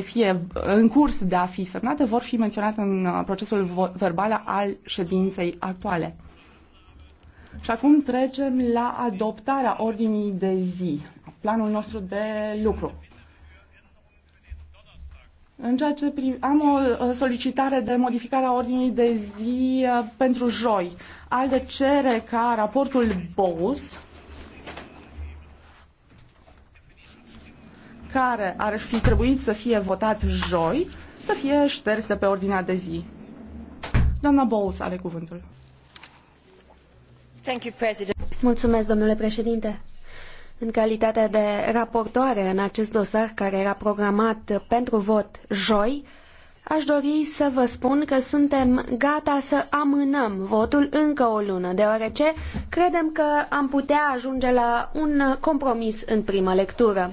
fie în curs de a fi semnate vor fi menționate în uh, procesul verbal al ședinței actuale. Și acum trecem la adoptarea ordinii de zi, planul nostru de lucru. În ceea ce pri- am o solicitare de modificare a ordinii de zi uh, pentru joi. Alde cere ca raportul BOS care ar fi trebuit să fie votat joi să fie șters de pe ordinea de zi. Doamna Bowles are cuvântul. Thank you, President. Mulțumesc, domnule președinte. În calitate de raportoare în acest dosar care era programat pentru vot joi, aș dori să vă spun că suntem gata să amânăm votul încă o lună, deoarece credem că am putea ajunge la un compromis în primă lectură.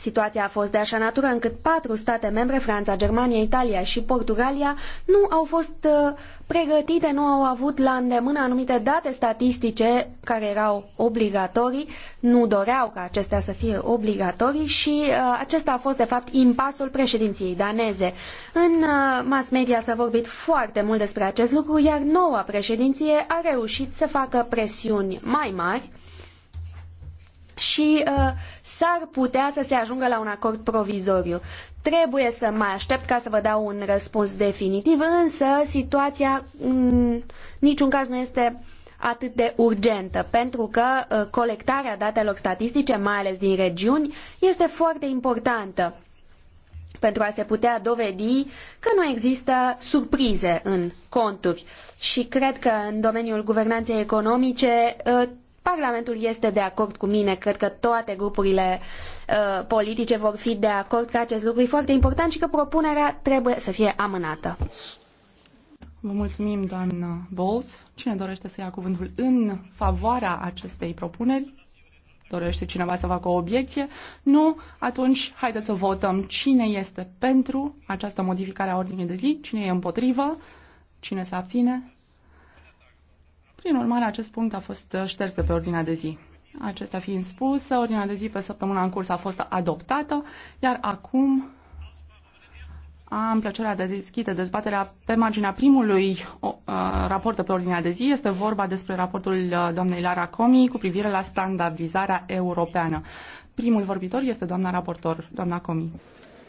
Situația a fost de așa natură încât patru state membre, Franța, Germania, Italia și Portugalia, nu au fost uh, pregătite, nu au avut la îndemână anumite date statistice care erau obligatorii, nu doreau ca acestea să fie obligatorii și uh, acesta a fost de fapt impasul președinției daneze. În uh, mass media s-a vorbit foarte mult despre acest lucru, iar noua președinție a reușit să facă presiuni mai mari și uh, s-ar putea să se ajungă la un acord provizoriu. Trebuie să mai aștept ca să vă dau un răspuns definitiv, însă situația în niciun caz nu este atât de urgentă, pentru că uh, colectarea datelor statistice, mai ales din regiuni, este foarte importantă pentru a se putea dovedi că nu există surprize în conturi. Și cred că în domeniul guvernanței economice uh, Parlamentul este de acord cu mine, cred că toate grupurile uh, politice vor fi de acord că acest lucru e foarte important și că propunerea trebuie să fie amânată. Vă mulțumim, doamnă Bolz. Cine dorește să ia cuvântul în favoarea acestei propuneri? Dorește cineva să facă o obiecție? Nu? Atunci, haideți să votăm cine este pentru această modificare a ordinii de zi, cine e împotrivă, cine se abține. Prin urmare, acest punct a fost uh, șters de pe ordinea de zi. Acesta fiind spus, ordinea de zi pe săptămâna în curs a fost adoptată, iar acum am plăcerea de a deschide dezbaterea pe marginea primului o, a, uh, raport de pe ordinea de zi. Este vorba despre raportul uh, doamnei Lara Comi cu privire la standardizarea europeană. Primul vorbitor este doamna raportor, doamna Comi.